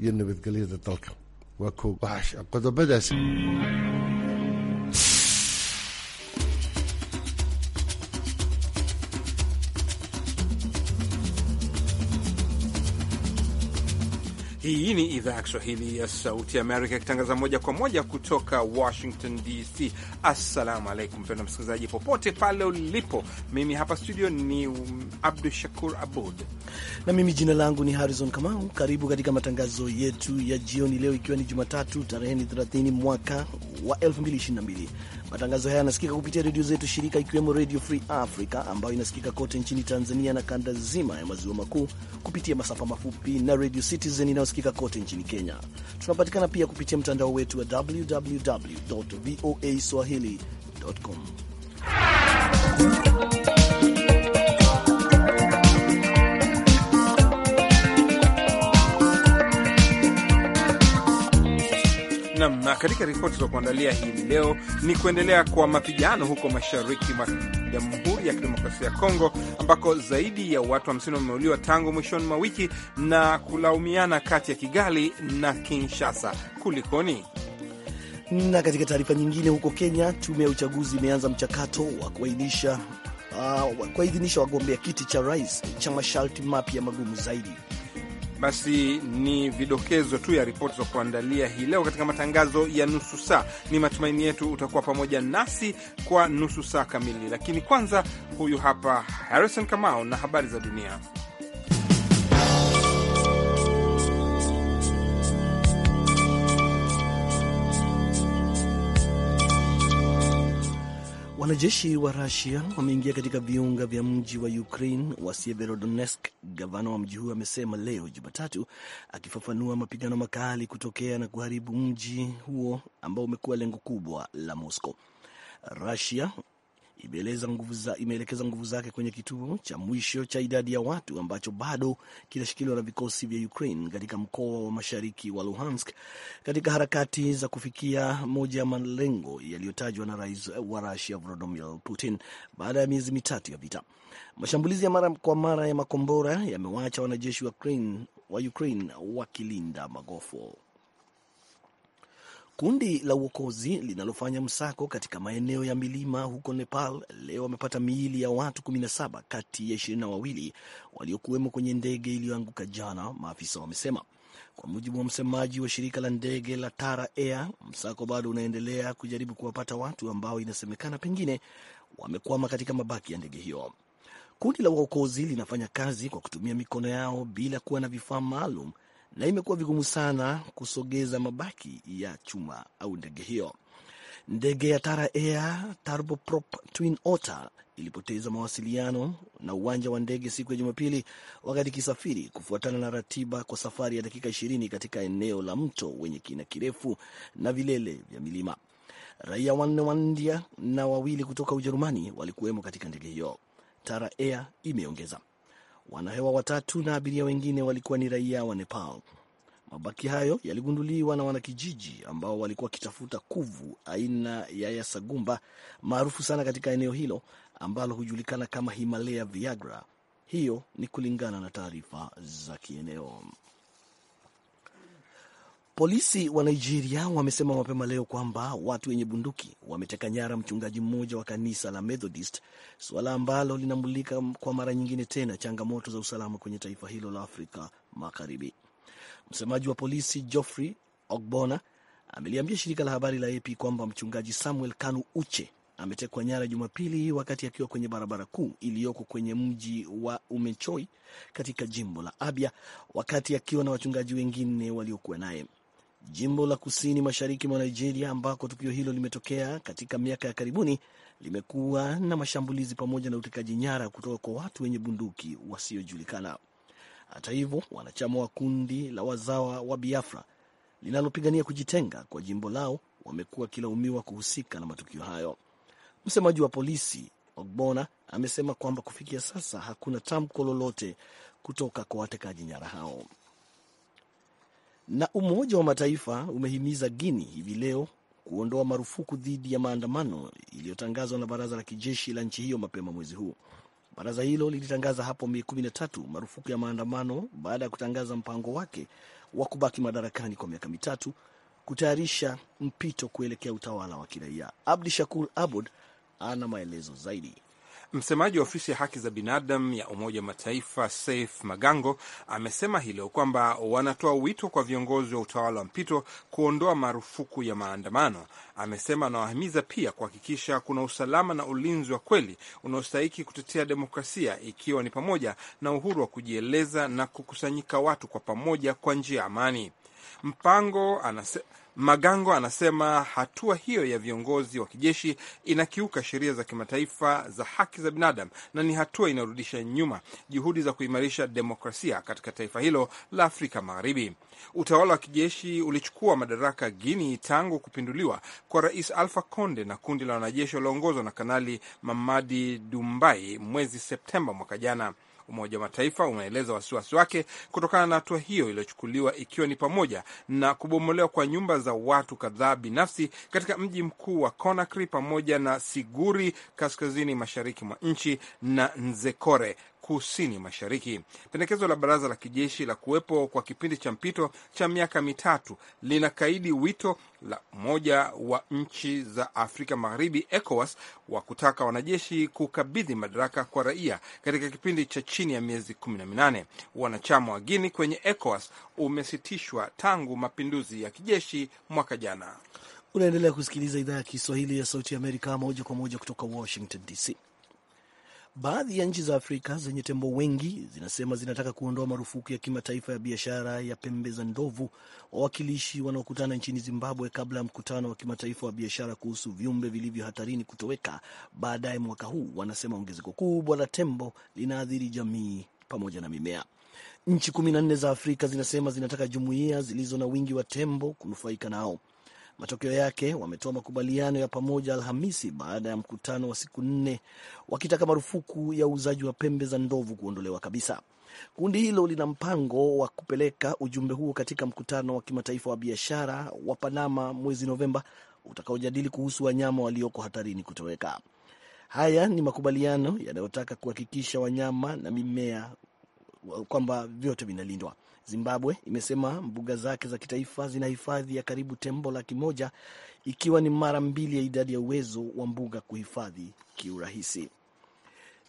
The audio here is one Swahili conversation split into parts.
iyo nabadgelyada dalka waa koog qodobadaas Hii ni idhaa ya Kiswahili ya Sauti ya Amerika ikitangaza moja kwa moja kutoka Washington DC. Assalamu alaikum mpendwa msikilizaji, popote pale ulipo. Mimi hapa studio ni Abdu Shakur Abud na mimi jina langu ni Harrison Kamau. Karibu katika matangazo yetu ya jioni leo, ikiwa ni Jumatatu tarehe 30 mwaka wa 2022. Matangazo haya yanasikika kupitia redio zetu shirika, ikiwemo Redio Free Africa ambayo inasikika kote nchini Tanzania na kanda zima ya maziwa makuu kupitia masafa mafupi na Radio Citizen inayosikika tunasikika kote nchini Kenya. Tunapatikana pia kupitia mtandao wetu wa www voa swahili.com. Nam na katika ripoti za kuandalia hii leo ni kuendelea kwa mapigano huko mashariki mwa Jamhuri ya Kidemokrasia ya Kongo ambako zaidi ya watu 50 wa wameuliwa tangu mwishoni mwa wiki na kulaumiana kati ya Kigali na Kinshasa. Kulikoni? Na katika taarifa nyingine, huko Kenya, tume ya uchaguzi imeanza mchakato wa kuainisha uh, kuwaidhinisha wagombea kiti cha rais cha masharti mapya magumu zaidi. Basi ni vidokezo tu ya ripoti za kuandalia hii leo katika matangazo ya nusu saa. Ni matumaini yetu utakuwa pamoja nasi kwa nusu saa kamili, lakini kwanza, huyu hapa Harrison Kamau na habari za dunia. Wanajeshi wa Rusia wameingia katika viunga vya mji wa Ukraine wa Severodonetsk, gavana wa mji huo amesema leo Jumatatu, akifafanua mapigano makali kutokea na kuharibu mji huo ambao umekuwa lengo kubwa la Moscow. Rusia imeelekeza nguvu zake kwenye kituo cha mwisho cha idadi ya watu ambacho bado kinashikiliwa na vikosi vya Ukraine katika mkoa wa mashariki wa Luhansk katika harakati za kufikia moja ya malengo yaliyotajwa na rais wa Rusia Vladimir Putin baada ya miezi mitatu ya vita. Mashambulizi ya mara kwa mara ya makombora yamewaacha wanajeshi wa Ukraine wakilinda magofu. Kundi la uokozi linalofanya msako katika maeneo ya milima huko Nepal leo wamepata miili ya watu 17 kati ya wawili waliokuwemo kwenye ndege iliyoanguka jana, maafisa wamesema. Kwa mujibu wa msemaji wa shirika la ndege la Tara Air, msako bado unaendelea kujaribu kuwapata watu ambao inasemekana pengine wamekwama katika mabaki ya ndege hiyo. Kundi la uokozi linafanya kazi kwa kutumia mikono yao bila kuwa na vifaa maalum na imekuwa vigumu sana kusogeza mabaki ya chuma au ndege hiyo. Ndege ya Tara Air turboprop Twin Otter ilipoteza mawasiliano na uwanja wa ndege siku ya Jumapili wakati ikisafiri kufuatana na ratiba kwa safari ya dakika ishirini katika eneo la mto wenye kina kirefu na vilele vya milima. Raia wanne wa India na wawili kutoka Ujerumani walikuwemo katika ndege hiyo, Tara Air imeongeza. Wanahewa watatu na abiria wengine walikuwa ni raia wa Nepal. Mabaki hayo yaligunduliwa na wanakijiji ambao walikuwa wakitafuta kuvu aina ya yasagumba maarufu sana katika eneo hilo ambalo hujulikana kama Himalaya Viagra. Hiyo ni kulingana na taarifa za kieneo. Polisi wa Nigeria wamesema mapema leo kwamba watu wenye bunduki wameteka nyara mchungaji mmoja wa kanisa la Methodist, suala ambalo linamulika kwa mara nyingine tena changamoto za usalama kwenye taifa hilo la Afrika Magharibi. Msemaji wa polisi Geoffrey Ogbona ameliambia shirika la habari la AP kwamba mchungaji Samuel Kanu Uche ametekwa nyara Jumapili wakati akiwa kwenye barabara kuu iliyoko kwenye mji wa Umechoi katika jimbo la Abia, wakati akiwa na wachungaji wengine waliokuwa naye. Jimbo la kusini mashariki mwa Nigeria ambako tukio hilo limetokea katika miaka ya karibuni limekuwa na mashambulizi pamoja na utekaji nyara kutoka kwa watu wenye bunduki wasiojulikana. Hata hivyo, wanachama wa kundi la wazawa wa Biafra linalopigania kujitenga kwa jimbo lao wamekuwa wakilaumiwa kuhusika na matukio hayo. Msemaji wa polisi Ogbona amesema kwamba kufikia sasa hakuna tamko lolote kutoka kwa watekaji nyara hao. Na Umoja wa Mataifa umehimiza Guini hivi leo kuondoa marufuku dhidi ya maandamano iliyotangazwa na baraza la kijeshi la nchi hiyo mapema mwezi huu. Baraza hilo lilitangaza hapo Mei tatu marufuku ya maandamano baada ya kutangaza mpango wake wa kubaki madarakani kwa miaka mitatu kutayarisha mpito kuelekea utawala wa kiraia. Abdi Shakur Abud ana maelezo zaidi. Msemaji wa ofisi ya haki za binadamu ya Umoja wa Mataifa Saif Magango amesema hilo kwamba wanatoa wito kwa viongozi wa utawala wa mpito kuondoa marufuku ya maandamano. Amesema anawahimiza pia kuhakikisha kuna usalama na ulinzi wa kweli unaostahiki kutetea demokrasia, ikiwa ni pamoja na uhuru wa kujieleza na kukusanyika watu kwa pamoja kwa njia ya amani. Mpango anase Magango anasema hatua hiyo ya viongozi wa kijeshi inakiuka sheria za kimataifa za haki za binadamu na ni hatua inayorudisha nyuma juhudi za kuimarisha demokrasia katika taifa hilo la Afrika Magharibi. Utawala wa kijeshi ulichukua madaraka guini tangu kupinduliwa kwa Rais Alfa Conde na kundi la wanajeshi walioongozwa na Kanali Mamadi Dumbai mwezi Septemba mwaka jana. Umoja wa Mataifa unaeleza wasiwasi wake kutokana na hatua hiyo iliyochukuliwa ikiwa ni pamoja na kubomolewa kwa nyumba za watu kadhaa binafsi katika mji mkuu wa Conakry pamoja na Siguri kaskazini mashariki mwa nchi na Nzekore kusini mashariki. Pendekezo la baraza la kijeshi la kuwepo kwa kipindi cha mpito cha miaka mitatu linakaidi wito la mmoja wa nchi za Afrika Magharibi, ECOWAS, wa kutaka wanajeshi kukabidhi madaraka kwa raia katika kipindi cha chini ya miezi kumi na minane Wanachama wa Guini kwenye ECOWAS umesitishwa tangu mapinduzi ya kijeshi mwaka jana. Unaendelea kusikiliza idhaa ya Kiswahili ya Sauti ya Amerika moja kwa moja kutoka Washington DC. Baadhi ya nchi za Afrika zenye tembo wengi zinasema zinataka kuondoa marufuku ya kimataifa ya biashara ya pembe za ndovu. Wawakilishi wanaokutana nchini Zimbabwe kabla ya mkutano wa kimataifa wa biashara kuhusu viumbe vilivyo hatarini kutoweka baadaye mwaka huu wanasema ongezeko kubwa la tembo linaathiri jamii pamoja na mimea. Nchi kumi na nne za Afrika zinasema zinataka jumuiya zilizo na wingi wa tembo kunufaika nao. Matokeo yake wametoa makubaliano ya pamoja Alhamisi baada ya mkutano wa siku nne wakitaka marufuku ya uuzaji wa pembe za ndovu kuondolewa kabisa. Kundi hilo lina mpango wa kupeleka ujumbe huo katika mkutano wa kimataifa wa biashara wa Panama mwezi Novemba utakaojadili kuhusu wanyama walioko hatarini kutoweka. Haya ni makubaliano yanayotaka kuhakikisha wanyama na mimea kwamba vyote vinalindwa. Zimbabwe imesema mbuga zake za kitaifa zina hifadhi ya karibu tembo laki moja ikiwa ni mara mbili ya idadi ya uwezo wa mbuga kuhifadhi kiurahisi.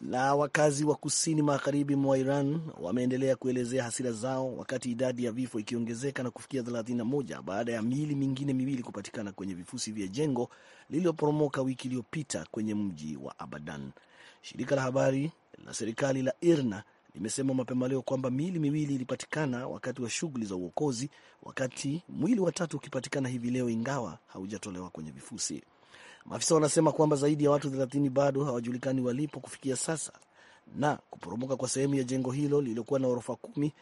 Na wakazi wa kusini magharibi mwa Iran wameendelea kuelezea hasira zao wakati idadi ya vifo ikiongezeka na kufikia 31 baada ya miili mingine miwili kupatikana kwenye vifusi vya jengo lililoporomoka wiki iliyopita kwenye mji wa Abadan. Shirika la habari la serikali la IRNA imesema mapema leo kwamba miili miwili ilipatikana wakati wa shughuli za uokozi, wakati mwili wa tatu ukipatikana hivi leo, ingawa haujatolewa kwenye vifusi. Maafisa wanasema kwamba zaidi ya watu 30 bado hawajulikani walipo kufikia sasa, na kuporomoka kwa sehemu ya jengo hilo lililokuwa na ghorofa kumi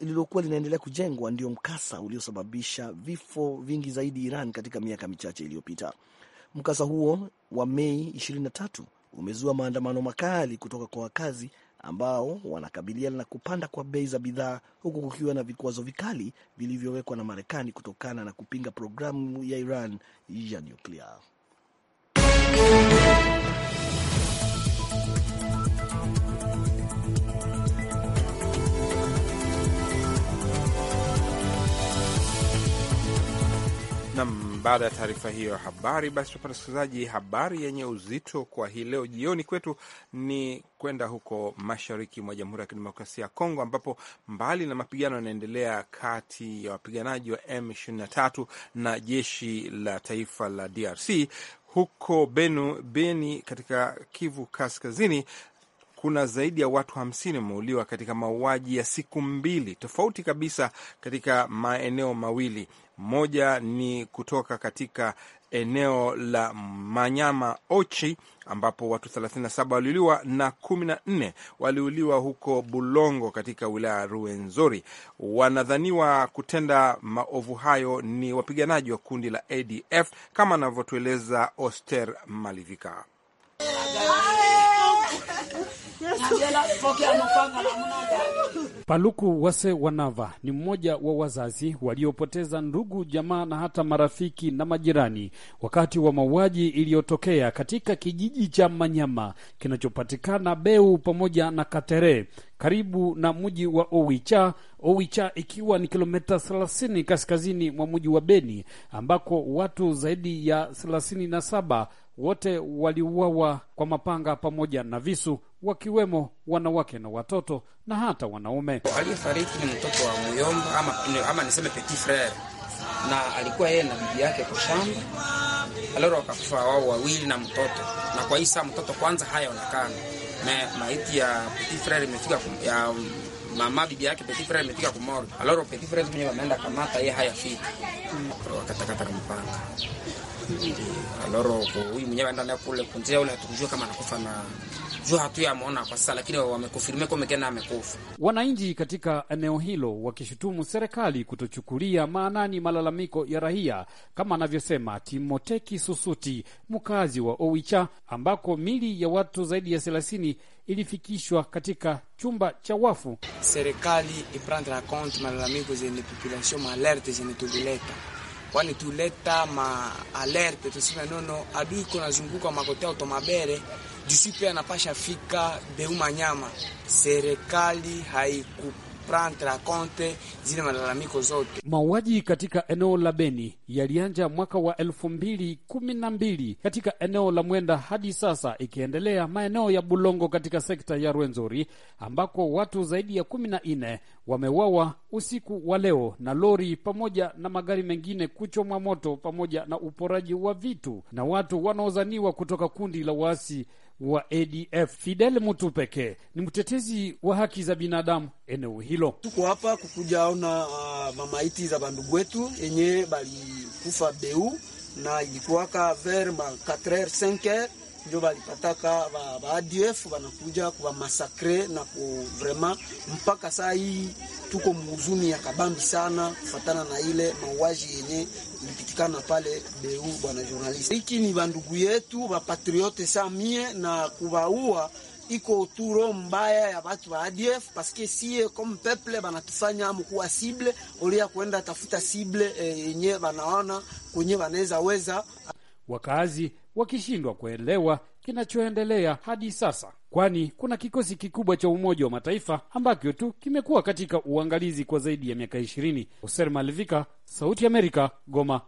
lililokuwa linaendelea kujengwa ndio mkasa uliosababisha vifo vingi zaidi Iran katika miaka michache iliyopita. Mkasa huo wa Mei 23 umezua maandamano makali kutoka kwa wakazi ambao wanakabiliana na kupanda kwa bei za bidhaa huku kukiwa na vikwazo vikali vilivyowekwa na Marekani kutokana na kupinga programu ya Iran ya nyuklia. Nam baada ya taarifa hiyo ya habari, basi tupata msikilizaji, habari yenye uzito kwa hii leo jioni kwetu ni kwenda huko mashariki mwa Jamhuri ya Kidemokrasia ya Kongo, ambapo mbali na mapigano yanaendelea kati ya wapiganaji wa M23 na jeshi la taifa la DRC huko Benu, Beni katika Kivu Kaskazini, kuna zaidi ya watu hamsini wameuliwa katika mauaji ya siku mbili tofauti kabisa katika maeneo mawili moja ni kutoka katika eneo la Manyama Ochi ambapo watu 37 waliuliwa na 14 waliuliwa huko Bulongo katika wilaya ya ruenzori Wanadhaniwa kutenda maovu hayo ni wapiganaji wa kundi la ADF kama anavyotueleza Oster Malivika. Paluku Wase Wanava ni mmoja wa wazazi waliopoteza ndugu, jamaa na hata marafiki na majirani wakati wa mauaji iliyotokea katika kijiji cha Manyama kinachopatikana Beu pamoja na Katere karibu na mji wa Owicha, Owicha ikiwa ni kilomita 30 kaskazini mwa mji wa Beni ambako watu zaidi ya 37 wote waliuawa kwa mapanga pamoja na visu wakiwemo wanawake na watoto na hata wanaume. Aliyefariki ni mtoto wa muyomba ama, ama niseme petit frere, na alikuwa yeye na bibi yake kushamba shamba aloro, wakakufa wao wawili na mtoto, na kwa hii saa mtoto kwanza hayaonekana na maiti ya petit frere imefika ya mama bibi yake petit frere imefika kumoro, aloro petit frere mwenyewe ameenda kamata, yeye hayafika, wakatakata kampanga aloro huyu mwenyewe aenda kule kunzia ule, hatukujua kama anakufa na juu hatu ya mwona kwa sasa, lakini wamekufirmia kwa mekena amekufa. Wananchi katika eneo hilo wakishutumu serikali kutochukulia maanani malalamiko ya raia, kama anavyosema Timoteki Susuti, mkazi wa Owicha, ambako mili ya watu zaidi ya thelathini ilifikishwa katika chumba cha wafu. Serikali iprendre en compte malalamiko zene population maalerte zene tulileta kwani tuleta maalerte tuseme nono adui iko nazunguka makote automabere disipe anapasha fika beuma nyama. Serikali haiku zile malalamiko zote. Mauaji katika eneo la Beni yalianja mwaka wa elfu mbili kumi na mbili katika eneo la Mwenda hadi sasa ikiendelea maeneo ya Bulongo katika sekta ya Rwenzori ambako watu zaidi ya kumi na nne wameuawa usiku wa leo na lori pamoja na magari mengine kuchomwa moto pamoja na uporaji wa vitu na watu wanaozaniwa kutoka kundi la waasi wa ADF Fidel Mutu pekee ni mtetezi wa haki za binadamu eneo hilo. Tuko hapa kukujaona uh, mamaiti za bandugu wetu yenyewe balikufa beu na ilikuwaka ver ma 4 5 ndio walipataka ba, ba ADF wanakuja kuwa masakre na ku vraiment, mpaka saa hii tuko muhuzuni ya kabambi sana kufatana na ile mauaji yenye ilipitikana pale Beu. Bwana journalist, hiki ni bandugu yetu bapatriote samie na kuwaua iko turo mbaya ya batu ba ADF paske sie comme peuple banatufanya mkuwa sible olia kwenda tafuta sible eh, yenye e, banaona kwenye banaweza weza. wakaazi wakishindwa kuelewa kinachoendelea hadi sasa, kwani kuna kikosi kikubwa cha Umoja wa Mataifa ambacho tu kimekuwa katika uangalizi kwa zaidi ya miaka ishirini. Hoser Malivika, Sauti ya Amerika, Goma.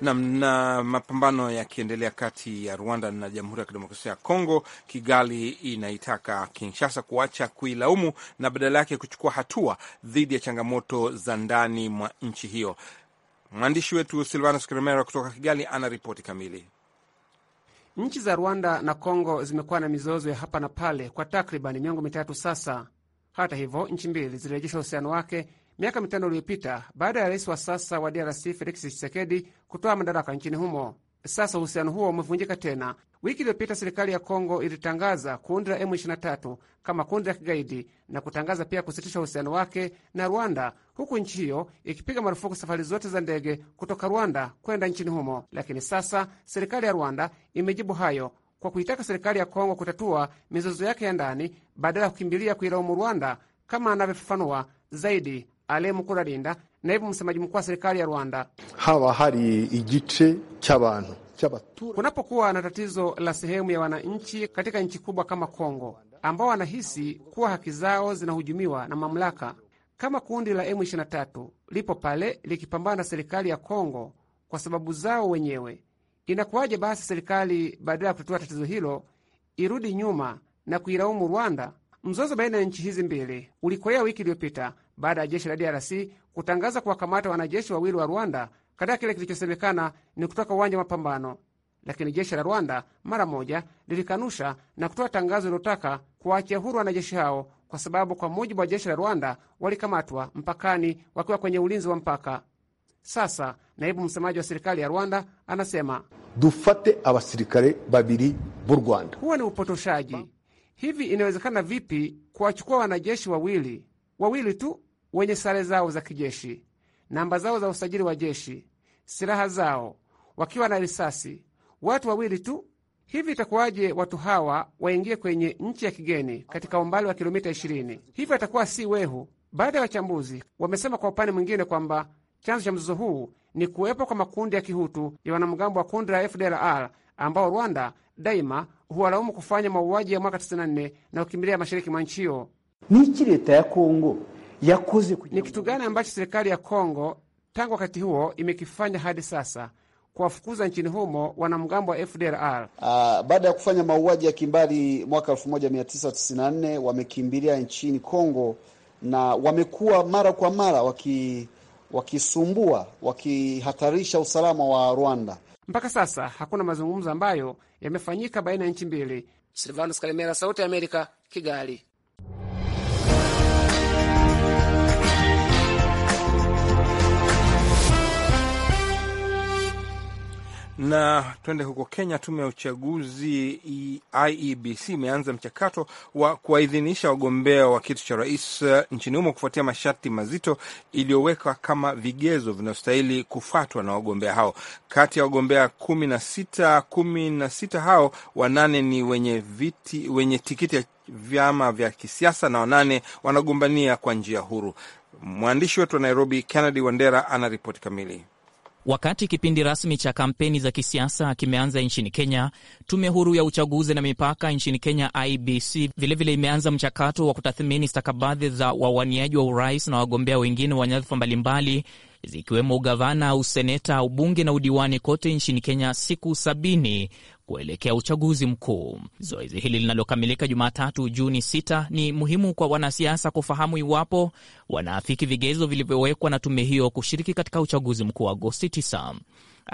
nam na mapambano yakiendelea kati ya Rwanda na Jamhuri ya Kidemokrasia ya Kongo. Kigali inaitaka Kinshasa kuacha kuilaumu na badala yake kuchukua hatua dhidi ya changamoto za ndani mwa nchi hiyo. Mwandishi wetu Silvanus Kremera kutoka Kigali ana ripoti kamili. Nchi za Rwanda na Kongo zimekuwa na mizozo ya hapa na pale kwa takribani miongo mitatu sasa. Hata hivyo, nchi mbili zilirejesha uhusiano wake miaka mitano iliyopita baada ya rais wa sasa wa DRC Felix Tshisekedi kutoa madaraka nchini humo. Sasa uhusiano huo umevunjika tena. Wiki iliyopita serikali ya Kongo ilitangaza kundi la M23 kama kundi la kigaidi na kutangaza pia kusitisha uhusiano wake na Rwanda, huku nchi hiyo ikipiga marufuku safari zote za ndege kutoka Rwanda kwenda nchini humo. Lakini sasa serikali ya Rwanda imejibu hayo kwa kuitaka serikali ya Kongo kutatua mizozo yake ya ndani badala ya kukimbilia kuilaumu Rwanda, kama anavyofafanua zaidi Ale Mukuralinda, naibu msemaji mkuu wa serikali ya Rwanda. haba hari igice cy'abantu kunapokuwa na tatizo la sehemu ya wananchi katika nchi kubwa kama Kongo ambao wanahisi kuwa haki zao zinahujumiwa na mamlaka, kama kundi la M23 lipo pale likipambana na serikali ya Kongo kwa sababu zao wenyewe, inakuwaje basi serikali badala ya kutatua tatizo hilo irudi nyuma na kuilaumu Rwanda? Mzozo baina ya nchi hizi mbili ulikolea wiki iliyopita baada ya jeshi la DRC kutangaza kuwakamata wanajeshi wawili wa Rwanda katika kile kilichosemekana ni kutoka uwanja wa mapambano, lakini jeshi la Rwanda mara moja lilikanusha na kutoa tangazo lilotaka kuwaachia huru wanajeshi hao, kwa sababu kwa mujibu wa jeshi la Rwanda walikamatwa mpakani wakiwa kwenye ulinzi wa mpaka. Sasa naibu msemaji wa serikali ya Rwanda anasema dufate abasirikare babiri b'u Rwanda, huwa ni upotoshaji. Hivi inawezekana vipi kuwachukua wanajeshi wawili wawili tu wenye sare zao za kijeshi, namba zao za usajili wa jeshi, silaha zao, wakiwa na risasi, watu wawili tu. Hivi itakuwaje watu hawa waingie kwenye nchi ya kigeni katika umbali wa kilomita 20? Hivyo atakuwa si wehu. Baada ya wachambuzi wamesema kwa upande mwingine kwamba chanzo cha mzozo huu ni kuwepo kwa makundi ya kihutu ya wanamgambo wa kundi la FDLR ambao Rwanda daima huwalaumu kufanya mauaji ya mwaka 94 na kukimbilia mashariki mwa nchi hiyo. Ni leta ya Kongo yakoze. Ni kitu gani ambacho serikali ya Kongo tangu wakati huo imekifanya hadi sasa kuwafukuza nchini humo wanamgambo wa FDLR. Uh, ah, baada ya kufanya mauaji ya kimbali mwaka 1994 wamekimbilia nchini Kongo na wamekuwa mara kwa mara waki, wakisumbua wakihatarisha usalama wa Rwanda. Mpaka sasa hakuna mazungumzo ambayo yamefanyika baina ya nchi mbili. Silvanus Kalemera, Sauti ya Amerika, Kigali. Na tuende huko Kenya. Tume ya uchaguzi IEBC imeanza mchakato wa kuwaidhinisha wagombea wa kiti cha rais eh, nchini humo kufuatia masharti mazito iliyowekwa kama vigezo vinavyostahili kufuatwa na wagombea hao. Kati ya wagombea kumi na sita kumi na sita hao wanane ni wenye viti, wenye tikiti ya vyama vya kisiasa na wanane wanagombania kwa njia huru. Mwandishi wetu wa Nairobi Kennedy Wandera ana ripoti kamili. Wakati kipindi rasmi cha kampeni za kisiasa kimeanza nchini Kenya, tume huru ya uchaguzi na mipaka nchini Kenya, IBC, vilevile vile imeanza mchakato wa kutathmini stakabadhi za wawaniaji wa urais na wagombea wengine wa nyadhifa mbalimbali zikiwemo ugavana, useneta, ubunge na udiwani kote nchini Kenya siku sabini kuelekea uchaguzi mkuu. Zoezi hili linalokamilika Jumatatu Juni 6 ni muhimu kwa wanasiasa kufahamu iwapo wanaafiki vigezo vilivyowekwa na tume hiyo kushiriki katika uchaguzi mkuu Agosti 9.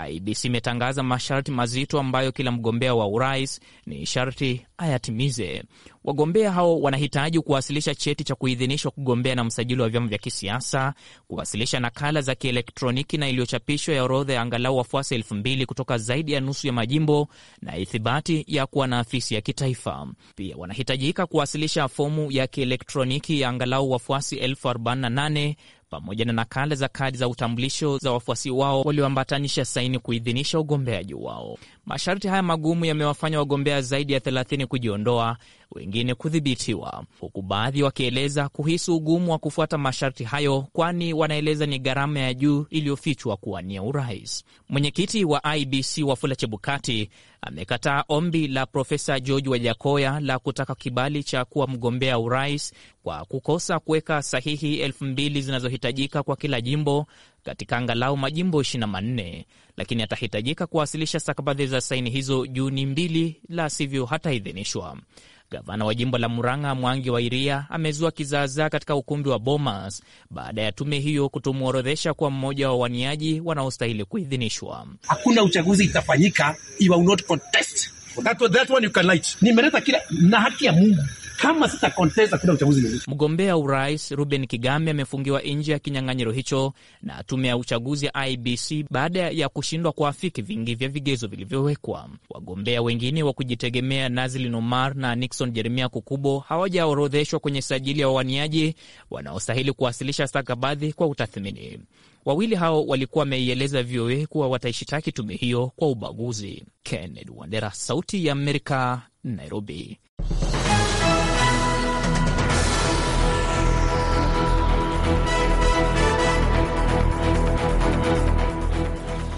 IBC imetangaza masharti mazito ambayo kila mgombea wa urais ni sharti ayatimize. Wagombea hao wanahitaji kuwasilisha cheti cha kuidhinishwa kugombea na msajili wa vyama vya kisiasa, kuwasilisha nakala za kielektroniki na iliyochapishwa ya orodha ya angalau wafuasi elfu mbili kutoka zaidi ya nusu ya majimbo na ithibati ya kuwa na afisi ya kitaifa. Pia wanahitajika kuwasilisha fomu ya kielektroniki ya angalau wafuasi elfu arobaini na nane pamoja na nakala za kadi za utambulisho za wafuasi wao walioambatanisha saini kuidhinisha ugombeaji wao. Masharti haya magumu yamewafanya wagombea zaidi ya 30 kujiondoa, wengine kudhibitiwa, huku baadhi wakieleza kuhisi ugumu wa kufuata masharti hayo, kwani wanaeleza ni gharama ya juu iliyofichwa kuwania urais. Mwenyekiti wa IBC Wafula Chebukati amekataa ombi la Profesa George Wajakoya la kutaka kibali cha kuwa mgombea urais kwa kukosa kuweka sahihi elfu mbili zinazohitajika kwa kila jimbo katika angalau majimbo 24 lakini atahitajika kuwasilisha stakabadhi za saini hizo Juni mbili, la sivyo hataidhinishwa. Gavana wa jimbo la Murang'a Mwangi wa Iria amezua kizaazaa katika ukumbi wa Bomas baada ya tume hiyo kutomworodhesha kuwa mmoja wa waniaji wanaostahili kuidhinishwa. Hakuna uchaguzi itafanyika, nimeleta kila na haki ya Mungu kama sasa kontesta kuna uchaguzi mwingine. Mgombea urais Ruben Kigame amefungiwa nje ya kinyang'anyiro hicho na tume ya uchaguzi IBC baada ya kushindwa kuafiki vingi vya vigezo vilivyowekwa. Wagombea wengine wa kujitegemea Nazlin Omar na Nixon Jeremia Kukubo hawajaorodheshwa kwenye sajili ya wawaniaji wanaostahili kuwasilisha stakabadhi kwa utathmini. Wawili hao walikuwa wameieleza VOA kuwa wataishitaki tume hiyo kwa ubaguzi. Kennedy Wandera, Sauti ya Amerika, Nairobi.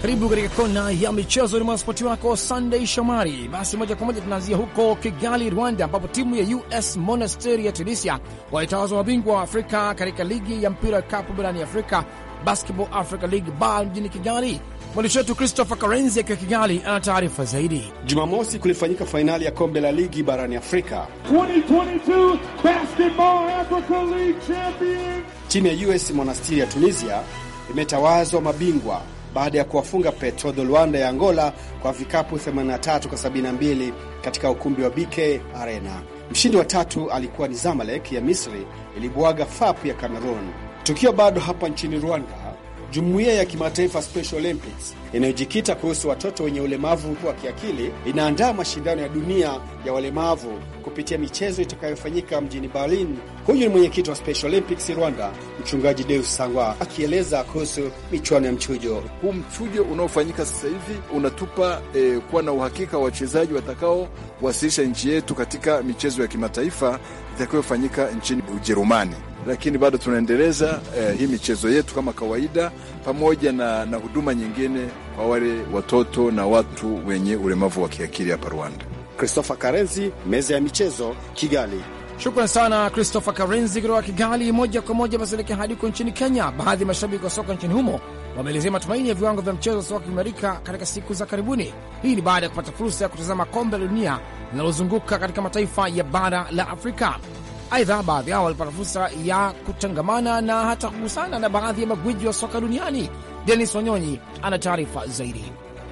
Karibu katika kona ya michezo, ni mwanaspoti wako Sunday Shomari. Basi moja kwa moja tunaanzia huko Kigali, Rwanda, ambapo timu ya US Monasteri ya Tunisia walitawazwa mabingwa wa Afrika katika ligi ya mpira wa kikapu barani Afrika, Basketball Africa League BAL mjini Kigali. Mwandishi wetu Christopher Karenzi akiwa Kigali ana taarifa zaidi. Jumamosi kulifanyika fainali ya kombe la ligi barani Afrika 2022 Basketball Africa League Champions. Timu ya US Monastiri ya Tunisia imetawazwa mabingwa baada ya kuwafunga Petro de Luanda ya Angola kwa vikapu 83 kwa 72 katika ukumbi wa BK Arena. Mshindi wa tatu alikuwa ni Zamalek ya Misri, ilibwaga FAP ya Cameroon. tukiwa bado hapa nchini Rwanda Jumuiya ya kimataifa Special Olympics inayojikita kuhusu watoto wenye ulemavu wa kiakili inaandaa mashindano ya dunia ya walemavu kupitia michezo itakayofanyika mjini Berlin. Huyu ni mwenyekiti wa Special Olympics Rwanda, mchungaji Deus Sangwa, akieleza kuhusu michuano ya mchujo. Huu mchujo unaofanyika sasa hivi unatupa eh, kuwa na uhakika wa wachezaji watakaowasilisha nchi yetu katika michezo ya kimataifa itakayofanyika nchini Ujerumani lakini bado tunaendeleza eh, hii michezo yetu kama kawaida, pamoja na, na huduma nyingine kwa wale watoto na watu wenye ulemavu wa kiakili hapa Rwanda. Christopher Karenzi, meza ya michezo, Kigali. Shukran sana Christopher Karenzi kutoka Kigali. Moja kwa moja maselekea hadi huko nchini Kenya. Baadhi ya mashabiki wa soka nchini humo wameelezea matumaini ya viwango vya mchezo wa soka kuimarika katika siku za karibuni. Hii ni baada ya kupata fursa ya kutazama kombe la dunia linalozunguka katika mataifa ya bara la Afrika. Aidha, baadhi yao walipata fursa ya kutangamana na hata kugusana na baadhi ya magwiji wa soka duniani. Denis Wanyonyi ana taarifa zaidi.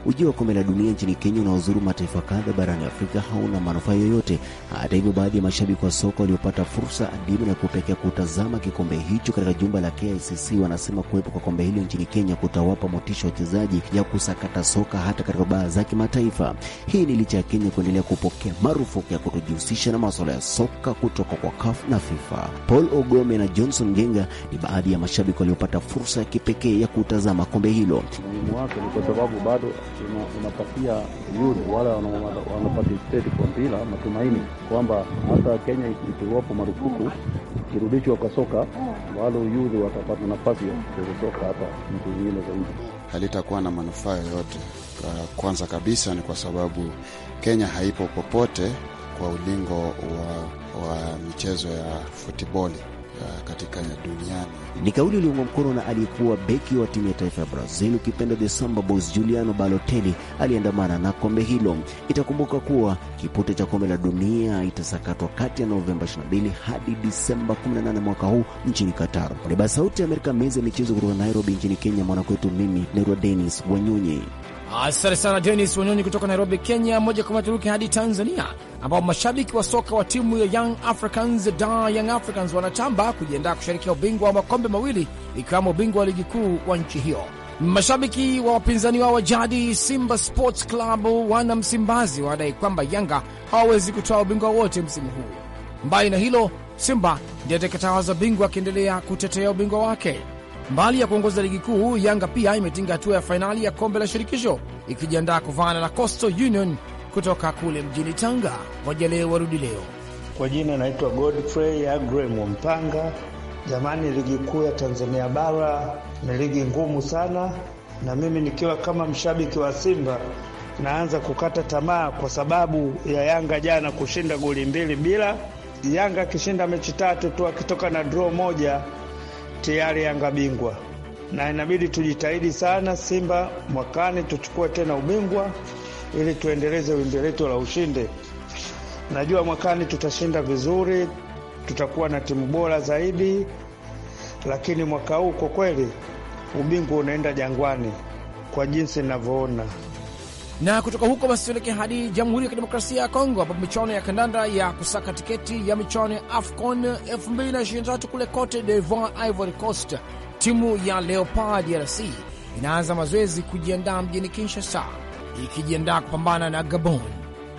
Ujio wa kombe la dunia nchini Kenya unaozuru mataifa kadha barani Afrika hauna manufaa yoyote. Hata hivyo, baadhi ya mashabiki wa soka waliopata fursa adimu na kupekea kutazama kikombe hicho katika jumba la KICC wanasema kuwepo kwa kombe hilo nchini Kenya kutawapa motisha wachezaji ya kusakata soka hata katika baa za kimataifa. Hii ni licha ya Kenya kuendelea kupokea marufuku ya kutojihusisha na masuala ya soka kutoka kwa CAF na FIFA. Paul Ogome na Johnson genga ni baadhi ya mashabiki waliopata fursa ya kipekee ya kutazama kombe hilo. ni kwa sababu bado unapatia yule wale wanaopatisipeti kwa mpira matumaini kwamba hata Kenya ikiwapo marufuku kirudishwa kwa soka, wale yule watapata nafasi ya kucheza soka hata mtu mwingine zaidi. Halitakuwa na manufaa yoyote. Kwanza kabisa ni kwa sababu Kenya haipo popote kwa ulingo wa, wa michezo ya futiboli katika duniani. Ni kauli iliyoungwa mkono na aliyekuwa beki wa timu ya taifa ya Brazil, ukipenda the Samba Boys, Juliano Balotelli aliandamana na kombe hilo. Itakumbuka kuwa kipute cha kombe la dunia itasakatwa kati ya Novemba 22 hadi Disemba 18 mwaka huu nchini Qatar. Kwa niaba ya Sauti ya Amerika, meza ya michezo kutoka Nairobi nchini Kenya, mwanakwetu mimi Nerwa denis Wanyonyi. Asante sana Denis Wanyonyi kutoka Nairobi, Kenya. Moja kwa moja turuke hadi Tanzania, ambao mashabiki wa soka wa timu ya Young Africans da Young Africans wanatamba kujiandaa kusherekea ubingwa wa makombe mawili ikiwamo ubingwa wa ligi kuu wa nchi hiyo. Mashabiki wa wapinzani wao wa jadi Simba Sports Club wana Msimbazi wanadai kwamba Yanga hawawezi kutoa ubingwa wote msimu huu. Mbali na hilo, Simba ndiye atakayetawaza bingwa akiendelea kutetea ubingwa wake. Mbali ya kuongoza ligi kuu, Yanga pia imetinga hatua ya fainali ya kombe la shirikisho ikijiandaa kuvana na Coastal Union kutoka kule mjini Tanga. Ngoja leo warudi leo. Kwa jina naitwa Godfrey agre Mpanga. Jamani, ligi kuu ya Tanzania bara ni ligi ngumu sana, na mimi nikiwa kama mshabiki wa Simba naanza kukata tamaa kwa sababu ya Yanga jana kushinda goli mbili bila. Yanga akishinda mechi tatu tu akitoka na draw moja tayari Yanga bingwa, na inabidi tujitahidi sana Simba mwakani tuchukue tena ubingwa ili tuendeleze wimbi letu la ushindi. Najua mwakani tutashinda vizuri, tutakuwa na timu bora zaidi, lakini mwaka huu kwa kweli ubingwa unaenda Jangwani kwa jinsi ninavyoona. Na kutoka huko basi tuelekee hadi Jamhuri ya Kidemokrasia ya Kongo, ambapo michuano ya kandanda ya kusaka tiketi ya michuano ya AFCON 2023 kule Cote d'Ivoire, Ivory Coast, timu ya Leopard DRC inaanza mazoezi kujiandaa mjini Kinshasa, ikijiandaa kupambana na Gabon.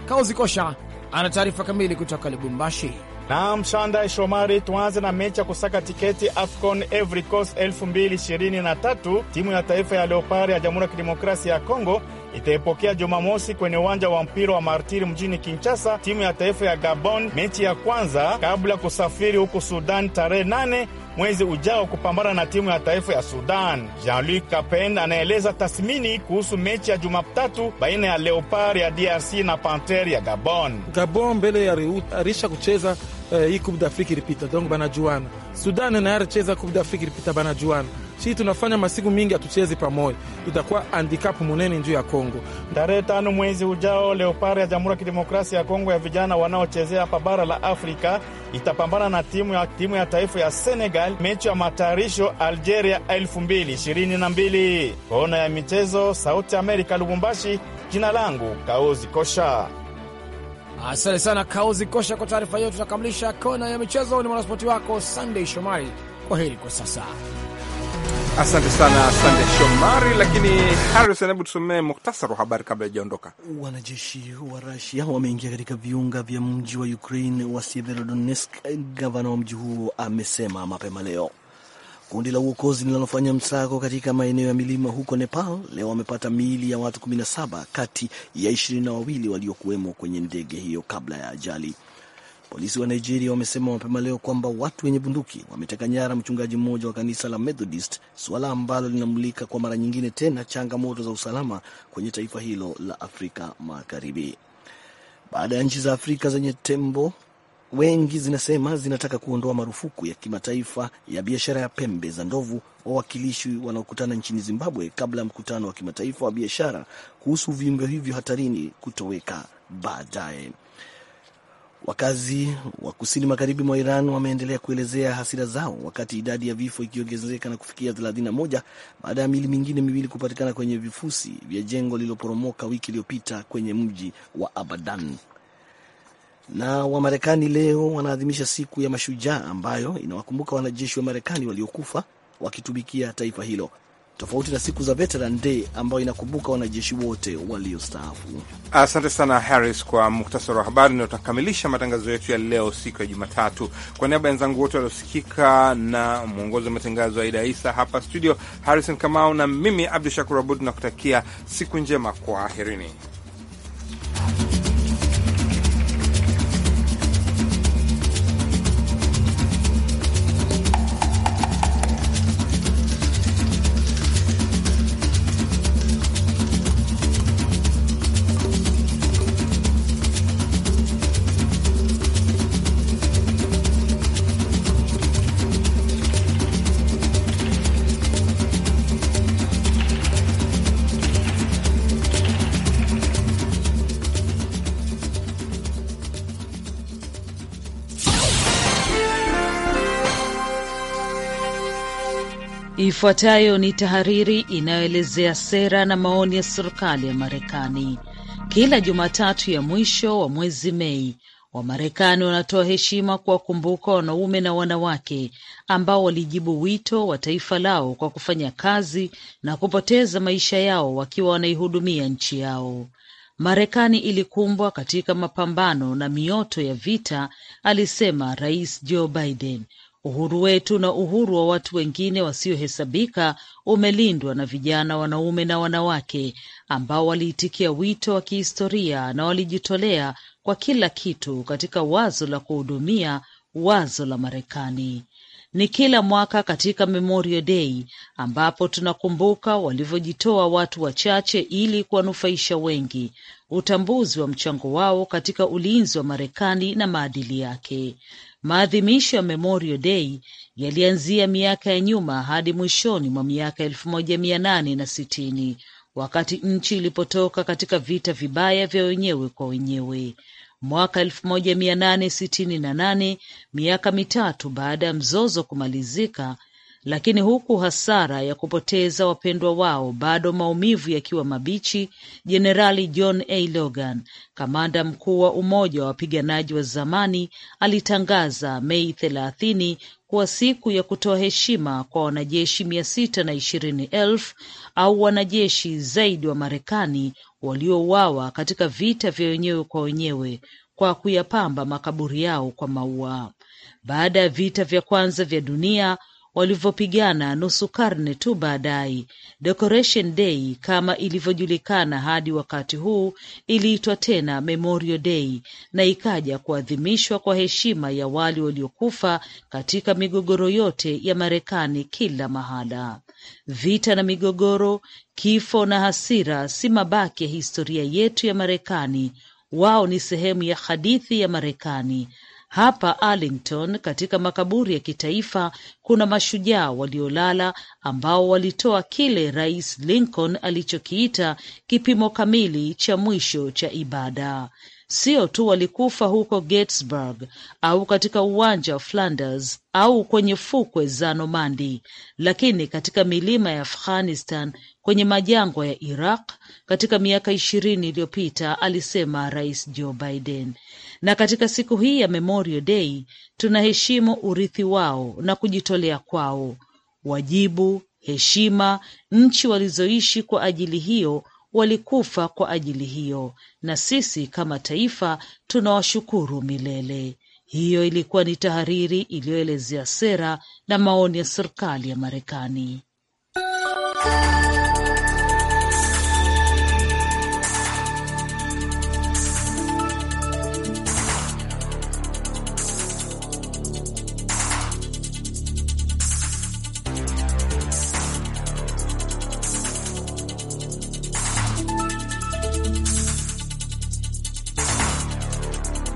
Kauzi Kosha ana taarifa kamili kutoka Lubumbashi. Naam, Shanda Shomari, tuanze na mechi ya kusaka tiketi AFCON Ivory Coast 2023. Timu ya taifa ya Leopard ya Jamhuri ya Kidemokrasia ya Kongo itaipokea Jumamosi kwenye uwanja wa mpira wa Martiri mjini Kinshasa timu ya taifa ya Gabon mechi ya kwanza kabla ya kusafiri huko Sudan tarehe nane mwezi ujao kupambana na timu ya taifa ya Sudan. Jean-Luc Capen anaeleza tathmini kuhusu mechi ya Jumatatu baina ya Leopard ya DRC na Panter ya Gabon. Gabon mbele ya arisha kucheza eh, hii uh, Coupe d'Afrique ilipita donc banajuana. Sudan nayaricheza Coupe d'Afrique ilipita banajuana si tunafanya masiku mingi hatuchezi pamoja, itakuwa andikapu munene njuu ya Kongo. Tarehe tano mwezi ujao, Leopard ya Jamhuri ya Kidemokrasia ya Kongo ya vijana wanaochezea hapa bara la Afrika itapambana na timu ya, timu ya taifa ya Senegal, mechi ya matayarisho Algeria 2022. Kona ya michezo, Sauti Amerika, Lubumbashi. Jina langu Kaozi Kosha. Asante sana Kaozi Kosha kwa taarifa hiyo. Tunakamilisha kona ya michezo. Ni mwanaspoti wako Sunday Shomari. Kwa heri kwa sasa. Asante sana Sande Shomari. Lakini Harrison, hebu tusomee muhtasari wa habari kabla ijaondoka. Wanajeshi wa Rasia wameingia katika viunga vya mji wa Ukraine wa Severodonetsk, gavana wa mji huo amesema mapema leo. Kundi la uokozi linalofanya msako katika maeneo ya milima huko Nepal leo wamepata miili ya watu 17 kati ya ishirini na wawili waliokuwemo kwenye ndege hiyo kabla ya ajali. Polisi wa Nigeria wamesema mapema leo kwamba watu wenye bunduki wameteka nyara mchungaji mmoja wa kanisa la Methodist, suala ambalo linamulika kwa mara nyingine tena changamoto za usalama kwenye taifa hilo la Afrika Magharibi. Baada ya nchi za Afrika zenye tembo wengi zinasema zinataka kuondoa marufuku ya kimataifa ya biashara ya pembe za ndovu, wawakilishi wanaokutana nchini Zimbabwe kabla ya mkutano wa kimataifa wa biashara kuhusu viumbe hivyo hatarini kutoweka baadaye. Wakazi wa kusini magharibi mwa Iran wameendelea kuelezea hasira zao wakati idadi ya vifo ikiongezeka na kufikia 31 baada ya miili mingine miwili kupatikana kwenye vifusi vya jengo lililoporomoka wiki iliyopita kwenye mji wa Abadan. Na Wamarekani leo wanaadhimisha siku ya Mashujaa ambayo inawakumbuka wanajeshi wa Marekani waliokufa wakitumikia taifa hilo tofauti na siku za Veteran Day ambayo inakumbuka wanajeshi wote waliostaafu. Asante sana Harris kwa muktasari wa habari, na utakamilisha matangazo yetu ya leo, siku ya Jumatatu. Kwa niaba ya wenzangu wote waliosikika na mwongozi wa matangazo ya Aida Isa hapa studio, Harrison Kamau na mimi Abdu Shakur Abud, nakutakia siku njema, kwa aherini Ifuatayo ni tahariri inayoelezea sera na maoni ya serikali ya Marekani. Kila Jumatatu ya mwisho wa mwezi Mei, Wamarekani wanatoa heshima kuwakumbuka wanaume na wanawake ambao walijibu wito wa taifa lao kwa kufanya kazi na kupoteza maisha yao wakiwa wanaihudumia nchi yao. Marekani ilikumbwa katika mapambano na mioto ya vita, alisema Rais Joe Biden uhuru wetu na uhuru wa watu wengine wasiohesabika umelindwa na vijana wanaume na wanawake ambao waliitikia wito wa kihistoria na walijitolea kwa kila kitu katika wazo la kuhudumia wazo la Marekani. Ni kila mwaka katika Memorial Day ambapo tunakumbuka walivyojitoa watu wachache ili kuwanufaisha wengi, utambuzi wa mchango wao katika ulinzi wa Marekani na maadili yake. Maadhimisho ya Memorial Day yalianzia miaka ya nyuma hadi mwishoni mwa miaka elfu moja mia nane na sitini wakati nchi ilipotoka katika vita vibaya vya wenyewe kwa wenyewe. Mwaka elfu moja mia nane sitini na nane miaka mitatu baada ya mzozo kumalizika, lakini huku hasara ya kupoteza wapendwa wao bado maumivu yakiwa mabichi, Jenerali John A. Logan, kamanda mkuu wa Umoja wa Wapiganaji wa Zamani, alitangaza Mei thelathini kuwa siku ya kutoa heshima kwa wanajeshi mia sita na ishirini elfu au wanajeshi zaidi wa Marekani waliouawa katika vita vya wenyewe kwa wenyewe kwa kuyapamba makaburi yao kwa maua. Baada ya vita vya kwanza vya dunia walivyopigana nusu karne tu baadaye. Decoration Day kama ilivyojulikana hadi wakati huu iliitwa tena Memorial Day na ikaja kuadhimishwa kwa heshima ya wale waliokufa katika migogoro yote ya Marekani kila mahala. Vita na migogoro, kifo na hasira si mabaki ya historia yetu ya Marekani. Wao ni sehemu ya hadithi ya Marekani hapa Arlington katika makaburi ya kitaifa kuna mashujaa waliolala ambao walitoa kile Rais Lincoln alichokiita kipimo kamili cha mwisho cha ibada. Sio tu walikufa huko Gettysburg au katika uwanja wa Flanders au kwenye fukwe za nomandi lakini katika milima ya Afghanistan, kwenye majangwa ya Iraq katika miaka ishirini iliyopita, alisema Rais Joe Biden na katika siku hii ya Memorial Day tunaheshimu urithi wao na kujitolea kwao, wajibu, heshima, nchi walizoishi kwa ajili hiyo, walikufa kwa ajili hiyo, na sisi kama taifa tunawashukuru milele. Hiyo ilikuwa ni tahariri iliyoelezea sera na maoni ya serikali ya Marekani.